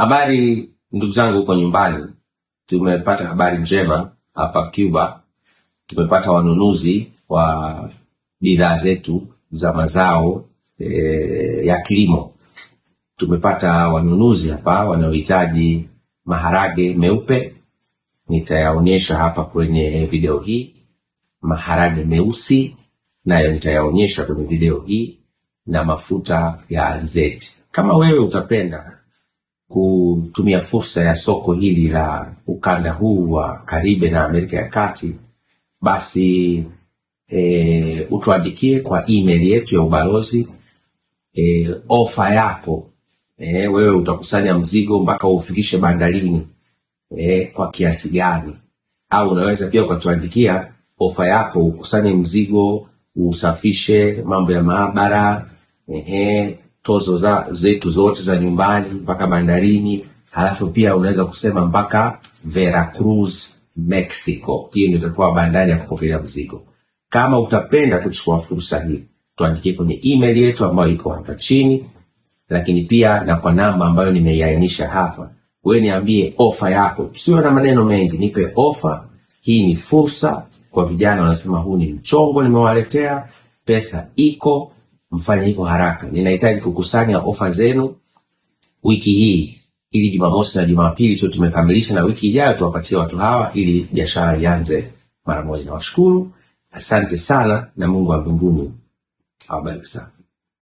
Habari ndugu zangu huko nyumbani, tumepata habari njema hapa Cuba. Tumepata wanunuzi wa bidhaa zetu za mazao e, ya kilimo. Tumepata wanunuzi hapa wanaohitaji maharage meupe, nitayaonyesha hapa kwenye video hii. Maharage meusi nayo nitayaonyesha kwenye video hii, na mafuta ya alizeti. Kama wewe utapenda kutumia fursa ya soko hili la ukanda huu wa Karibe na Amerika ya Kati, basi e, utuandikie kwa email yetu ya ubalozi e, eh, ofa yako e, wewe utakusanya mzigo mpaka ufikishe bandarini e, kwa kiasi gani? Au unaweza pia ukatuandikia ofa yako, ukusanye mzigo, usafishe mambo ya maabara ehe tozo za zetu zote za nyumbani mpaka bandarini, halafu pia unaweza kusema mpaka Veracruz Mexico. Hiyo ndio itakuwa bandari ya kupokelea mzigo. Kama utapenda kuchukua fursa hii, tuandikie kwenye email yetu ambayo iko hapa chini, lakini pia na kwa namba ambayo nimeiainisha hapa. Wewe niambie ofa yako, sio na maneno mengi, nipe ofa. Hii ni fursa kwa vijana, wanasema huu ni mchongo nimewaletea, pesa iko mfanye hivyo haraka. Ninahitaji kukusanya ofa zenu wiki hii ili Jumamosi na Jumapili tu tumekamilisha, na wiki ijayo tuwapatie watu hawa ili biashara ianze mara moja. Nawashukuru, asante sana, na Mungu wa mbinguni awabariki sana.